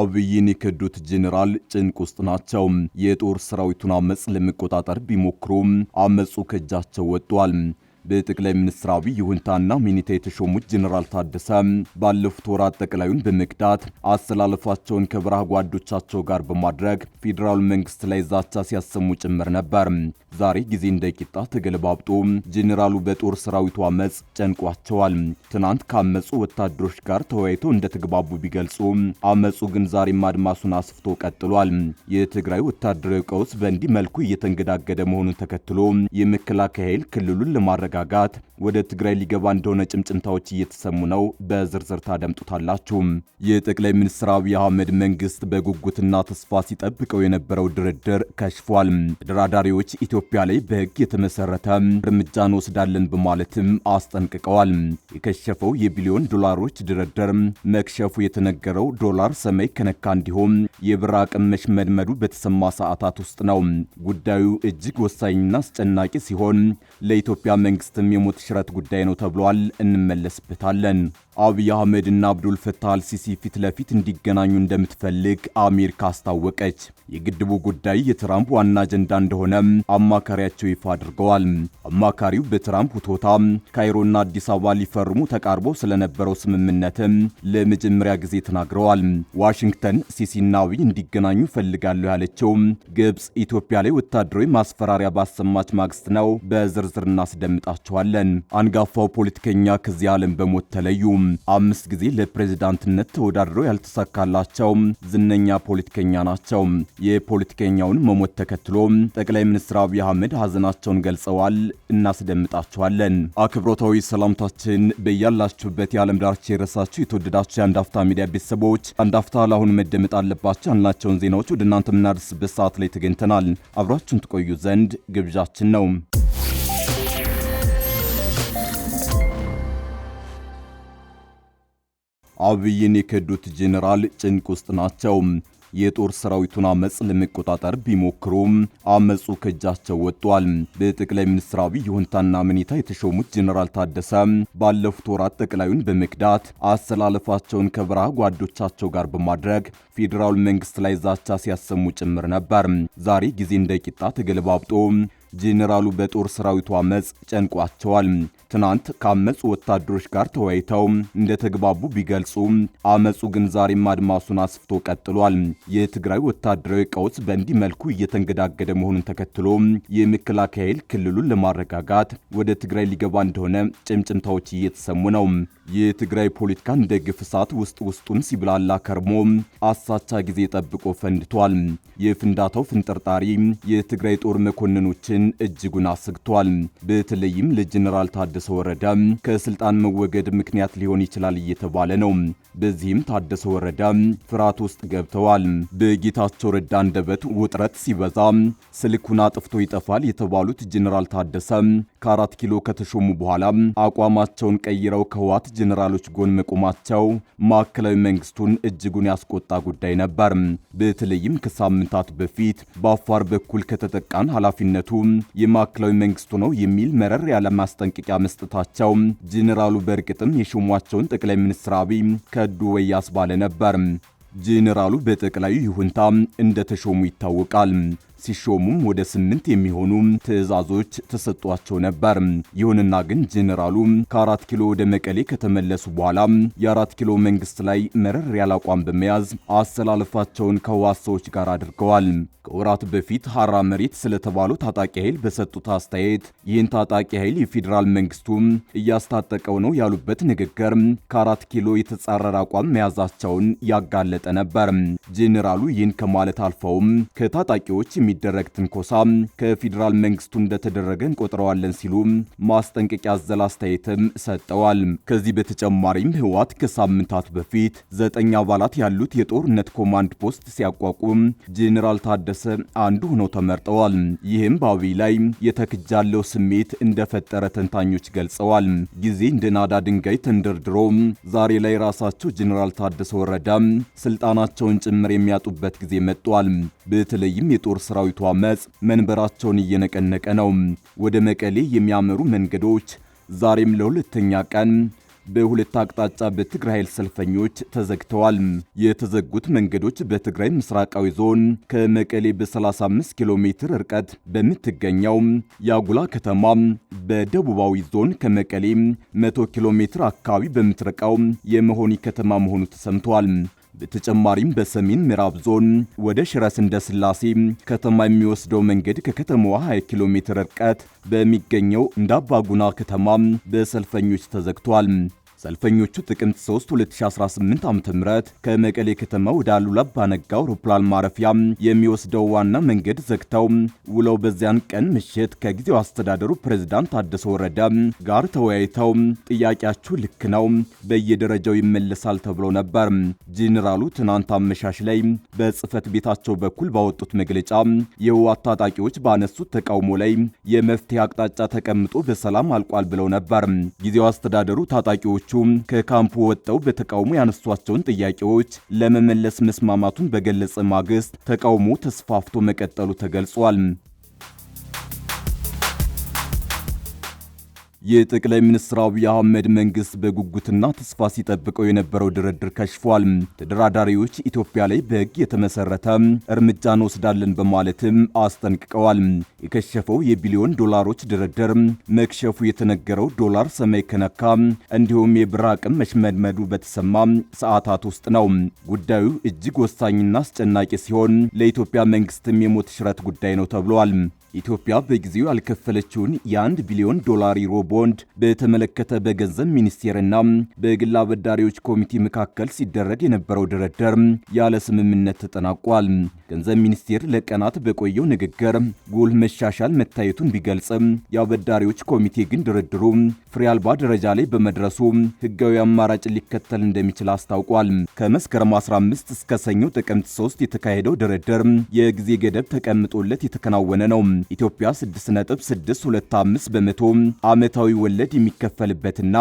አብይን የከዱት ጄኔራል ጭንቅ ውስጥ ናቸው። የጦር ሰራዊቱን አመፅ ለመቆጣጠር ቢሞክሩም አመፁ ከእጃቸው ወጥቷል። በጠቅላይ ሚኒስትር አብይ ይሁንታና ሚኒታ የተሾሙት ጀኔራል ታደሰ ባለፉት ወራት ጠቅላዩን በመቅዳት አሰላለፋቸውን ከበረሃ ጓዶቻቸው ጋር በማድረግ ፌዴራል መንግስት ላይ ዛቻ ሲያሰሙ ጭምር ነበር። ዛሬ ጊዜ እንደ ቂጣ ተገለባብጦ ጀኔራሉ በጦር ሰራዊቱ አመፅ ጨንቋቸዋል። ትናንት ካመፁ ወታደሮች ጋር ተወያይተው እንደተግባቡ ቢገልጹ አመፁ ግን ዛሬም አድማሱን አስፍቶ ቀጥሏል። የትግራይ ወታደራዊ ቀውስ በእንዲህ መልኩ እየተንገዳገደ መሆኑን ተከትሎ የመከላከያ ኃይል ክልሉን ለማድረግ ለማረጋጋት ወደ ትግራይ ሊገባ እንደሆነ ጭምጭምታዎች እየተሰሙ ነው። በዝርዝር ታደምጡታላችሁ። የጠቅላይ ሚኒስትር አብይ አህመድ መንግስት በጉጉትና ተስፋ ሲጠብቀው የነበረው ድርድር ከሽፏል። ተደራዳሪዎች ኢትዮጵያ ላይ በህግ የተመሰረተ እርምጃ እንወስዳለን በማለትም አስጠንቅቀዋል። የከሸፈው የቢሊዮን ዶላሮች ድርድር መክሸፉ የተነገረው ዶላር ሰማይ ከነካ እንዲሁም የብር አቅም መሽመድመዱ በተሰማ ሰዓታት ውስጥ ነው። ጉዳዩ እጅግ ወሳኝና አስጨናቂ ሲሆን ለኢትዮጵያ መንግስት መንግስትም የሞት ሽረት ጉዳይ ነው ተብሏል። እንመለስበታለን። አብይ አህመድ እና አብዱል ፈታህ አልሲሲ ፊት ለፊት እንዲገናኙ እንደምትፈልግ አሜሪካ አስታወቀች። የግድቡ ጉዳይ የትራምፕ ዋና አጀንዳ እንደሆነ አማካሪያቸው ይፋ አድርገዋል። አማካሪው በትራምፕ ሁቶታ ካይሮና አዲስ አበባ ሊፈርሙ ተቃርበው ስለነበረው ስምምነትም ለመጀመሪያ ጊዜ ተናግረዋል። ዋሽንግተን ሲሲና አብይ እንዲገናኙ ፈልጋለሁ ያለችው ግብፅ ኢትዮጵያ ላይ ወታደራዊ ማስፈራሪያ ባሰማች ማግስት ነው። በዝርዝር እናስደምጣቸዋለን። አንጋፋው ፖለቲከኛ ከዚህ ዓለም በሞት ተለዩ። አምስት ጊዜ ለፕሬዝዳንትነት ተወዳድረው ያልተሳካላቸው ዝነኛ ፖለቲከኛ ናቸው። የፖለቲከኛውን መሞት ተከትሎ ጠቅላይ ሚኒስትር አብይ አህመድ ሀዘናቸውን ገልጸዋል። እናስደምጣችኋለን። አክብሮታዊ ሰላምታችን በያላችሁበት የዓለም ዳርቻ የረሳችሁ የተወደዳችሁ የአንዳፍታ ሚዲያ ቤተሰቦች አንዳፍታ ለአሁን መደመጥ አለባቸው ያልናቸውን ዜናዎች ወደ እናንተ የምናደርስበት ሰዓት ላይ ተገኝተናል። አብራችሁን ትቆዩ ዘንድ ግብዣችን ነው። አብይን የከዱት ጄኔራል ጭንቅ ውስጥ ናቸው። የጦር ሰራዊቱን አመፅ ለመቆጣጠር ቢሞክሩም አመፁ ከእጃቸው ወጥቷል። በጠቅላይ ሚኒስትር አብይ ይሁንታና ምኔታ የተሾሙት ጄኔራል ታደሰ ባለፉት ወራት ጠቅላዩን በመክዳት አሰላለፋቸውን ከበረሃ ጓዶቻቸው ጋር በማድረግ ፌዴራል መንግስት ላይ ዛቻ ሲያሰሙ ጭምር ነበር። ዛሬ ጊዜ እንደ ቂጣ ተገለባብጦ ጄኔራሉ በጦር ሰራዊቱ አመፅ ጨንቋቸዋል። ትናንት ከአመፁ ወታደሮች ጋር ተወያይተው እንደተግባቡ ቢገልጹ አመፁ ግን ዛሬም አድማሱን አስፍቶ ቀጥሏል። የትግራይ ወታደራዊ ቀውስ በእንዲህ መልኩ እየተንገዳገደ መሆኑን ተከትሎ የመከላከያ ኃይል ክልሉን ለማረጋጋት ወደ ትግራይ ሊገባ እንደሆነ ጭምጭምታዎች እየተሰሙ ነው። የትግራይ ፖለቲካ እንደ ግፍ እሳት ውስጥ ውስጡን ሲብላላ ከርሞ አሳቻ ጊዜ ጠብቆ ፈንድቷል። የፍንዳታው ፍንጠርጣሪ የትግራይ ጦር መኮንኖችን ግን እጅጉን አስግቷል። በተለይም ለጀኔራል ታደሰ ወረዳ ከስልጣን መወገድ ምክንያት ሊሆን ይችላል እየተባለ ነው። በዚህም ታደሰ ወረዳ ፍርሃት ውስጥ ገብተዋል። በጌታቸው ረዳ አንደበት ውጥረት ሲበዛ ስልኩን አጥፍቶ ይጠፋል የተባሉት ጀኔራል ታደሰ ከአራት ኪሎ ከተሾሙ በኋላ አቋማቸውን ቀይረው ከህዋት ጀኔራሎች ጎን መቆማቸው ማዕከላዊ መንግስቱን እጅጉን ያስቆጣ ጉዳይ ነበር። በተለይም ከሳምንታት በፊት በአፋር በኩል ከተጠቃን ኃላፊነቱ የማዕከላዊ መንግስቱ ነው የሚል መረር ያለ ማስጠንቀቂያ መስጠታቸው ጀኔራሉ በእርግጥም የሾሟቸውን ጠቅላይ ሚኒስትር አብይ ከዱ ወያስ ባለ ነበር። ጄኔራሉ በጠቅላዩ ይሁንታ እንደተሾሙ ይታወቃል። ሲሾሙም ወደ ስምንት የሚሆኑ ትዕዛዞች ተሰጧቸው ነበር። ይሁንና ግን ጄኔራሉ ከአራት ኪሎ ወደ መቀሌ ከተመለሱ በኋላ የአራት ኪሎ መንግስት ላይ መረር ያለ አቋም በመያዝ አሰላለፋቸውን ከህወሓት ሰዎች ጋር አድርገዋል። ከወራት በፊት ሐራ መሬት ስለተባለው ታጣቂ ኃይል በሰጡት አስተያየት ይህን ታጣቂ ኃይል የፌዴራል መንግስቱ እያስታጠቀው ነው ያሉበት ንግግር ከአራት ኪሎ የተጻረረ አቋም መያዛቸውን ያጋለጠ ነበር። ጄኔራሉ ይህን ከማለት አልፈውም ከታጣቂዎች የሚ የሚደረግ ትንኮሳ ከፌዴራል መንግስቱ እንደተደረገ እንቆጥረዋለን ሲሉ ማስጠንቀቂያ አዘል አስተያየትም ሰጠዋል። ከዚህ በተጨማሪም ህወሓት ከሳምንታት በፊት ዘጠኝ አባላት ያሉት የጦርነት ኮማንድ ፖስት ሲያቋቁም ጄኔራል ታደሰ አንዱ ሆነው ተመርጠዋል። ይህም በአብይ ላይ የተክጃለው ስሜት እንደፈጠረ ተንታኞች ገልጸዋል። ጊዜ እንደ ናዳ ድንጋይ ተንደርድሮ ዛሬ ላይ ራሳቸው ጄኔራል ታደሰ ወረዳ ስልጣናቸውን ጭምር የሚያጡበት ጊዜ መጥቷል። በተለይም የጦር የሰራዊቱ አመፅ መንበራቸውን እየነቀነቀ ነው። ወደ መቀሌ የሚያመሩ መንገዶች ዛሬም ለሁለተኛ ቀን በሁለት አቅጣጫ በትግራይ ኃይል ሰልፈኞች ተዘግተዋል። የተዘጉት መንገዶች በትግራይ ምስራቃዊ ዞን ከመቀሌ በ35 ኪሎ ሜትር ርቀት በምትገኘው የአጉላ ከተማ፣ በደቡባዊ ዞን ከመቀሌ 100 ኪሎ ሜትር አካባቢ በምትርቀው የመሆኒ ከተማ መሆኑ ተሰምተዋል። በተጨማሪም በሰሜን ምዕራብ ዞን ወደ ሽረ እንደስላሴ ከተማ የሚወስደው መንገድ ከከተማዋ 20 ኪሎ ሜትር ርቀት በሚገኘው እንዳባጉና ከተማ በሰልፈኞች ተዘግቷል። ሰልፈኞቹ ጥቅምት 3 2018 ዓ.ም ከመቀሌ ከተማ ወደ አሉላ አባነጋ አውሮፕላን ማረፊያ የሚወስደው ዋና መንገድ ዘግተው ውለው በዚያን ቀን ምሽት ከጊዜው አስተዳደሩ ፕሬዝዳንት ታደሰ ወረደ ጋር ተወያይተው ጥያቄያችሁ ልክ ነው፣ በየደረጃው ይመለሳል ተብሎ ነበር። ጄኔራሉ ትናንት አመሻሽ ላይ በጽህፈት ቤታቸው በኩል ባወጡት መግለጫ የህወሓት ታጣቂዎች ባነሱት ተቃውሞ ላይ የመፍትሄ አቅጣጫ ተቀምጦ በሰላም አልቋል ብለው ነበር። ጊዜው አስተዳደሩ ታጣቂዎቹ አመራሮቹም ከካምፑ ወጥተው በተቃውሞ ያነሷቸውን ጥያቄዎች ለመመለስ መስማማቱን በገለጸ ማግስት ተቃውሞ ተስፋፍቶ መቀጠሉ ተገልጿል። የጠቅላይ ሚኒስትር አብይ አህመድ መንግስት በጉጉትና ተስፋ ሲጠብቀው የነበረው ድርድር ከሽፏል። ተደራዳሪዎች ኢትዮጵያ ላይ በሕግ የተመሰረተ እርምጃ እንወስዳለን በማለትም አስጠንቅቀዋል። የከሸፈው የቢሊዮን ዶላሮች ድርድር መክሸፉ የተነገረው ዶላር ሰማይ ከነካ እንዲሁም የብር አቅም መሽመድመዱ በተሰማ ሰዓታት ውስጥ ነው። ጉዳዩ እጅግ ወሳኝና አስጨናቂ ሲሆን ለኢትዮጵያ መንግስትም የሞት ሽረት ጉዳይ ነው ተብሏል። ኢትዮጵያ በጊዜው ያልከፈለችውን የአንድ ቢሊዮን ዶላር ዩሮ ቦንድ በተመለከተ በገንዘብ ሚኒስቴርና በግል አበዳሪዎች ኮሚቴ መካከል ሲደረግ የነበረው ድርድር ያለ ስምምነት ተጠናቋል። ገንዘብ ሚኒስቴር ለቀናት በቆየው ንግግር ጉልህ መሻሻል መታየቱን ቢገልጽም የአበዳሪዎች ኮሚቴ ግን ድርድሩ ፍሬ አልባ ደረጃ ላይ በመድረሱ ህጋዊ አማራጭ ሊከተል እንደሚችል አስታውቋል። ከመስከረም 15 እስከ ሰኞ ጥቅምት 3 የተካሄደው ድርድር የጊዜ ገደብ ተቀምጦለት የተከናወነ ነው። ኢትዮጵያ 6.625 በመቶ ዓመታዊ ወለድ የሚከፈልበትና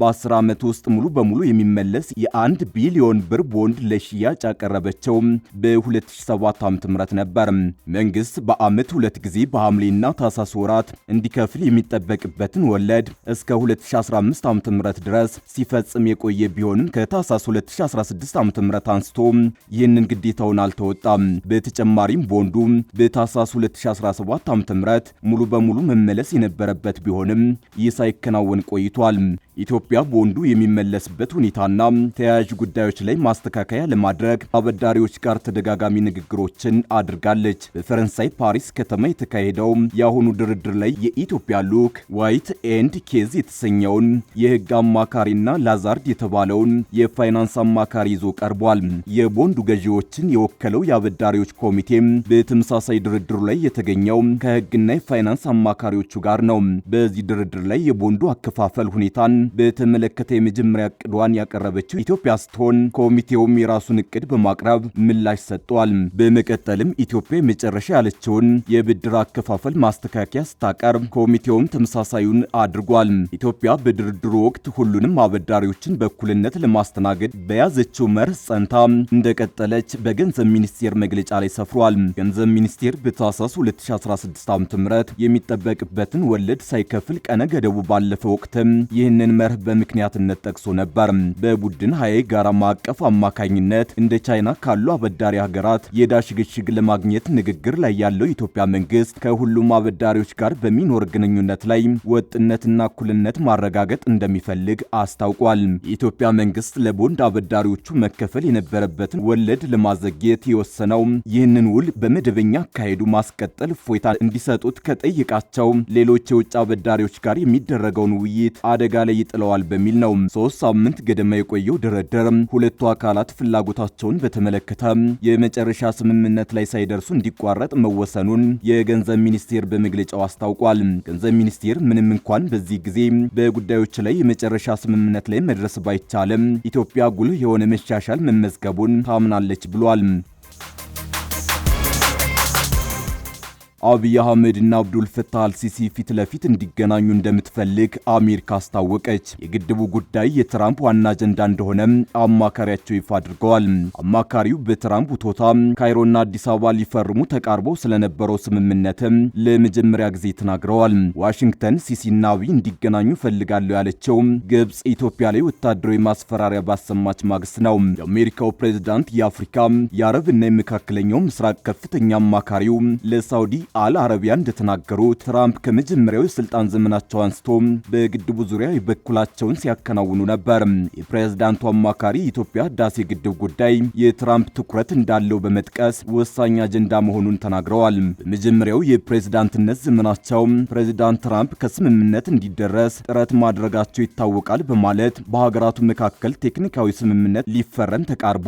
በ10 ዓመት ውስጥ ሙሉ በሙሉ የሚመለስ የአንድ ቢሊዮን ብር ቦንድ ለሽያጭ ያቀረበቸው በ2007 ዓ.ም ነበር። መንግስት በዓመት ሁለት ጊዜ በሐምሌና ታሳስ ወራት እንዲከፍል የሚጠበቅበትን ወለድ እስከ 2015 ዓ.ም ድረስ ሲፈጽም የቆየ ቢሆንም ከታሳስ 2016 ዓ.ም አንስቶ ይህንን ግዴታውን አልተወጣም። በተጨማሪም ቦንዱ በታሳስ 2017 ዓ.ም ሙሉ በሙሉ መመለስ የነበረበት ቢሆንም ይህ ሳይከናወን ቆይቷል። ኢትዮጵያ ቦንዱ የሚመለስበት ሁኔታና ተያያዥ ጉዳዮች ላይ ማስተካከያ ለማድረግ አበዳሪዎች ጋር ተደጋጋሚ ንግግሮችን አድርጋለች። በፈረንሳይ ፓሪስ ከተማ የተካሄደው የአሁኑ ድርድር ላይ የኢትዮጵያ ሉክ ዋይት ኤንድ ኬዝ የተሰኘውን የሕግ አማካሪና ላዛርድ የተባለውን የፋይናንስ አማካሪ ይዞ ቀርቧል። የቦንዱ ገዢዎችን የወከለው የአበዳሪዎች ኮሚቴም በተመሳሳይ ድርድሩ ላይ የተገኘው ከህግና የፋይናንስ አማካሪዎቹ ጋር ነው። በዚህ ድርድር ላይ የቦንዱ አከፋፈል ሁኔታን በተመለከተ የመጀመሪያ እቅዷን ያቀረበችው ኢትዮጵያ ስትሆን ኮሚቴውም የራሱን እቅድ በማቅረብ ምላሽ ሰጥቷል። በመቀጠልም ኢትዮጵያ የመጨረሻ ያለችውን የብድር አከፋፈል ማስተካከያ ስታቀርብ ኮሚቴውም ተመሳሳዩን አድርጓል። ኢትዮጵያ በድርድሩ ወቅት ሁሉንም አበዳሪዎችን በእኩልነት ለማስተናገድ በያዘችው መርህ ጸንታ እንደቀጠለች በገንዘብ ሚኒስቴር መግለጫ ላይ ሰፍሯል። ገንዘብ ሚኒስቴር በታህሳስ 2016 ዓ.ም የሚጠበቅበትን ወለድ ሳይከፍል ቀነ ገደቡ ባለፈ ወቅትም ይህንን መርህ በምክንያትነት ጠቅሶ ነበር። በቡድን ሀያ ጋራ ማዕቀፍ አማካኝነት እንደ ቻይና ካሉ አበዳሪ ሀገራት የዕዳ ሽግሽግ ለማግኘት ንግግር ላይ ያለው ኢትዮጵያ መንግስት ከሁሉም አበዳሪዎች ጋር በሚኖር ግንኙነት ላይ ወጥነትና እኩልነት ማረጋገጥ እንደሚፈልግ አስታውቋል። የኢትዮጵያ መንግስት ለቦንድ አበዳሪዎቹ መከፈል የነበረበትን ወለድ ለማዘግየት የወሰነው ይህንን ውል በመደበኛ አካሄዱ ማስቀጠል እፎይታ እንዲሰጡት ከጠይቃቸው ሌሎች የውጭ አበዳሪዎች ጋር የሚደረገውን ውይይት አደጋ ላይ ጥለዋል በሚል ነው። ሶስት ሳምንት ገደማ የቆየው ድርድር ሁለቱ አካላት ፍላጎታቸውን በተመለከተ የመጨረሻ ስምምነት ላይ ሳይደርሱ እንዲቋረጥ መወሰኑን የገንዘብ ሚኒስቴር በመግለጫው አስታውቋል። ገንዘብ ሚኒስቴር ምንም እንኳን በዚህ ጊዜ በጉዳዮች ላይ የመጨረሻ ስምምነት ላይ መድረስ ባይቻልም ኢትዮጵያ ጉልህ የሆነ መሻሻል መመዝገቡን ታምናለች ብሏል። አብይ አህመድ እና አብዱል ፈታህ አልሲሲ ፊት ለፊት እንዲገናኙ እንደምት እንደምትፈልግ አሜሪካ አስታወቀች። የግድቡ ጉዳይ የትራምፕ ዋና አጀንዳ እንደሆነም አማካሪያቸው ይፋ አድርገዋል። አማካሪው በትራምፕ ውቶታ ካይሮና አዲስ አበባ ሊፈርሙ ተቃርበው ስለነበረው ስምምነትም ለመጀመሪያ ጊዜ ተናግረዋል። ዋሽንግተን ሲሲና አብይ እንዲገናኙ ፈልጋለሁ ያለችው ግብጽ ኢትዮጵያ ላይ ወታደራዊ ማስፈራሪያ ባሰማች ማግስት ነው። የአሜሪካው ፕሬዝዳንት የአፍሪካ የአረብ እና የመካከለኛው ምስራቅ ከፍተኛ አማካሪው ለሳውዲ አል አረቢያ እንደተናገሩ ትራምፕ ከመጀመሪያው የስልጣን ዘመናቸው አንስቶ ተሳትፎም በግድቡ ዙሪያ የበኩላቸውን ሲያከናውኑ ነበር። የፕሬዝዳንቱ አማካሪ የኢትዮጵያ ህዳሴ ግድብ ጉዳይ የትራምፕ ትኩረት እንዳለው በመጥቀስ ወሳኝ አጀንዳ መሆኑን ተናግረዋል። በመጀመሪያው የፕሬዝዳንትነት ዘመናቸው ፕሬዝዳንት ትራምፕ ከስምምነት እንዲደረስ ጥረት ማድረጋቸው ይታወቃል በማለት በሀገራቱ መካከል ቴክኒካዊ ስምምነት ሊፈረም ተቃርቦ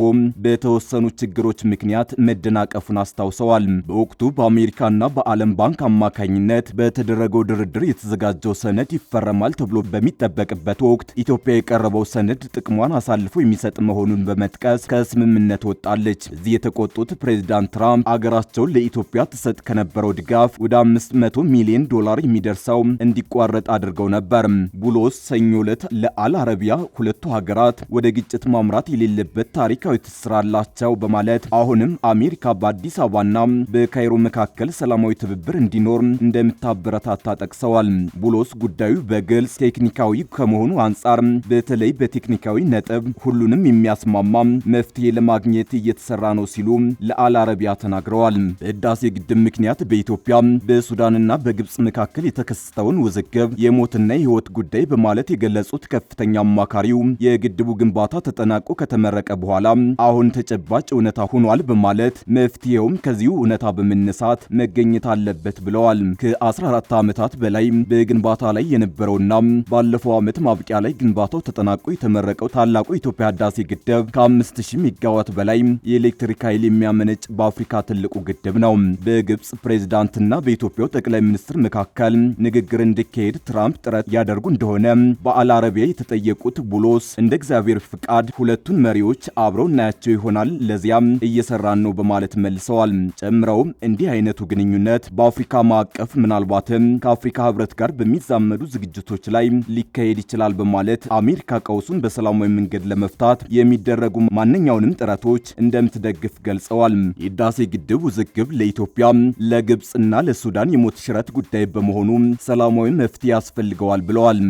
በተወሰኑ ችግሮች ምክንያት መደናቀፉን አስታውሰዋል። በወቅቱ በአሜሪካና በዓለም ባንክ አማካኝነት በተደረገው ድርድር የተዘጋጀው ሰነድ ስምምነት ይፈረማል ተብሎ በሚጠበቅበት ወቅት ኢትዮጵያ የቀረበው ሰነድ ጥቅሟን አሳልፎ የሚሰጥ መሆኑን በመጥቀስ ከስምምነት ወጣለች። እዚህ የተቆጡት ፕሬዚዳንት ትራምፕ አገራቸውን ለኢትዮጵያ ትሰጥ ከነበረው ድጋፍ ወደ 500 ሚሊዮን ዶላር የሚደርሰው እንዲቋረጥ አድርገው ነበር። ቡሎስ ሰኞ ዕለት ለአል አረቢያ ሁለቱ ሀገራት ወደ ግጭት ማምራት የሌለበት ታሪካዊ ትስስር አላቸው በማለት አሁንም አሜሪካ በአዲስ አበባና በካይሮ መካከል ሰላማዊ ትብብር እንዲኖር እንደምታበረታታ ጠቅሰዋል። ቡሎስ ጉዳይ ጉዳዩ በግልጽ ቴክኒካዊ ከመሆኑ አንጻር በተለይ በቴክኒካዊ ነጥብ ሁሉንም የሚያስማማ መፍትሄ ለማግኘት እየተሰራ ነው ሲሉ ለአልአረቢያ ተናግረዋል። በህዳሴ ግድብ ምክንያት በኢትዮጵያ በሱዳንና በግብፅ መካከል የተከሰተውን ውዝግብ የሞትና የህይወት ጉዳይ በማለት የገለጹት ከፍተኛ አማካሪው የግድቡ ግንባታ ተጠናቆ ከተመረቀ በኋላ አሁን ተጨባጭ እውነታ ሆኗል በማለት መፍትሄውም ከዚሁ እውነታ በመነሳት መገኘት አለበት ብለዋል። ከ14 ዓመታት በላይ በግንባታ ላይ ላይ የነበረውና ባለፈው ዓመት ማብቂያ ላይ ግንባታው ተጠናቆ የተመረቀው ታላቁ የኢትዮጵያ ህዳሴ ግድብ ከ5000 ሜጋዋት በላይ የኤሌክትሪክ ኃይል የሚያመነጭ በአፍሪካ ትልቁ ግድብ ነው። በግብፅ ፕሬዚዳንትና በኢትዮጵያው ጠቅላይ ሚኒስትር መካከል ንግግር እንዲካሄድ ትራምፕ ጥረት ያደርጉ እንደሆነ በአል አረቢያ የተጠየቁት ቡሎስ እንደ እግዚአብሔር ፍቃድ ሁለቱን መሪዎች አብረው እናያቸው ይሆናል፣ ለዚያም እየሰራን ነው በማለት መልሰዋል። ጨምረው እንዲህ አይነቱ ግንኙነት በአፍሪካ ማዕቀፍ ምናልባትም ከአፍሪካ ህብረት ጋር በሚዛመ በተለመዱ ዝግጅቶች ላይ ሊካሄድ ይችላል በማለት አሜሪካ ቀውሱን በሰላማዊ መንገድ ለመፍታት የሚደረጉ ማንኛውንም ጥረቶች እንደምትደግፍ ገልጸዋል። የህዳሴ ግድብ ውዝግብ ለኢትዮጵያ ለግብፅና ለሱዳን የሞት ሽረት ጉዳይ በመሆኑ ሰላማዊ መፍትሄ ያስፈልገዋል ብለዋል።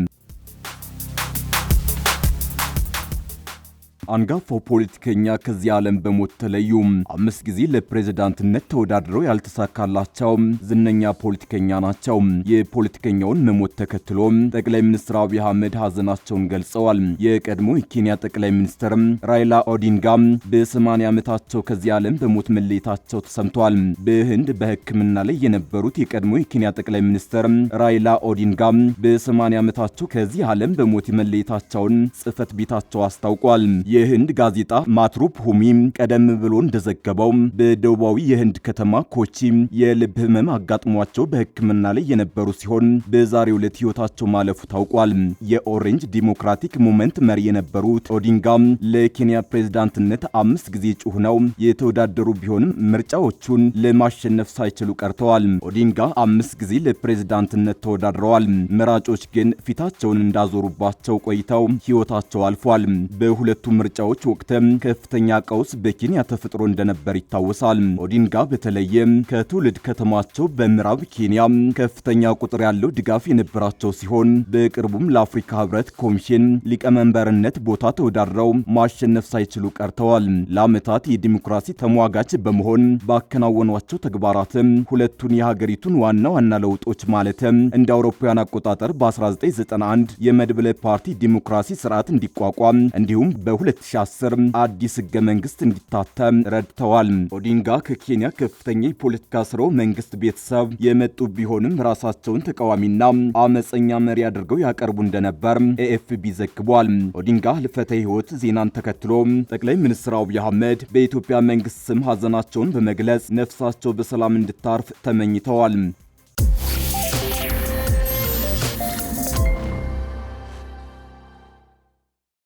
አንጋፋው ፖለቲከኛ ከዚህ ዓለም በሞት ተለዩ። አምስት ጊዜ ለፕሬዝዳንትነት ተወዳድረው ያልተሳካላቸው ዝነኛ ፖለቲከኛ ናቸው። የፖለቲከኛውን መሞት ተከትሎ ጠቅላይ ሚኒስትር አብይ አህመድ ሀዘናቸውን ገልጸዋል። የቀድሞ የኬንያ ጠቅላይ ሚኒስትር ራይላ ኦዲንጋ በ ዓመታቸው ከዚህ ዓለም በሞት መለየታቸው ተሰምተዋል። በህንድ በሕክምና ላይ የነበሩት የቀድሞ የኬንያ ጠቅላይ ሚኒስትር ራይላ ኦዲንጋ በ ዓመታቸው ከዚህ ዓለም በሞት መለየታቸውን ጽህፈት ቤታቸው አስታውቋል። የህንድ ጋዜጣ ማትሩፕ ሁሚ ቀደም ብሎ እንደዘገበው በደቡባዊ የህንድ ከተማ ኮቺ የልብ ህመም አጋጥሟቸው በሕክምና ላይ የነበሩ ሲሆን በዛሬው ዕለት ህይወታቸው ማለፉ ታውቋል። የኦሬንጅ ዲሞክራቲክ ሙመንት መሪ የነበሩት ኦዲንጋ ለኬንያ ፕሬዝዳንትነት አምስት ጊዜ እጩ ሆነው የተወዳደሩ ቢሆንም ምርጫዎቹን ለማሸነፍ ሳይችሉ ቀርተዋል። ኦዲንጋ አምስት ጊዜ ለፕሬዝዳንትነት ተወዳድረዋል። መራጮች ግን ፊታቸውን እንዳዞሩባቸው ቆይተው ህይወታቸው አልፏል። በሁለቱም ምርጫዎች ወቅት ከፍተኛ ቀውስ በኬንያ ተፈጥሮ እንደነበር ይታወሳል። ኦዲንጋ በተለየ ከትውልድ ከተማቸው በምዕራብ ኬንያ ከፍተኛ ቁጥር ያለው ድጋፍ የነበራቸው ሲሆን በቅርቡም ለአፍሪካ ህብረት ኮሚሽን ሊቀመንበርነት ቦታ ተወዳድረው ማሸነፍ ሳይችሉ ቀርተዋል። ለዓመታት የዲሞክራሲ ተሟጋች በመሆን ባከናወኗቸው ተግባራትም ሁለቱን የሀገሪቱን ዋና ዋና ለውጦች ማለትም እንደ አውሮፓውያን አቆጣጠር በ1991 የመድብለ ፓርቲ ዲሞክራሲ ስርዓት እንዲቋቋም እንዲሁም በ 2010 አዲስ ህገ መንግስት እንዲታተም ረድተዋል። ኦዲንጋ ከኬንያ ከፍተኛ የፖለቲካ ስርወ መንግስት ቤተሰብ የመጡ ቢሆንም ራሳቸውን ተቃዋሚና አመፀኛ መሪ አድርገው ያቀርቡ እንደነበር ኤኤፍቢ ዘግቧል። ኦዲንጋ ህልፈተ ህይወት ዜናን ተከትሎ ጠቅላይ ሚኒስትር አብይ አህመድ በኢትዮጵያ መንግስት ስም ሀዘናቸውን በመግለጽ ነፍሳቸው በሰላም እንድታርፍ ተመኝተዋል።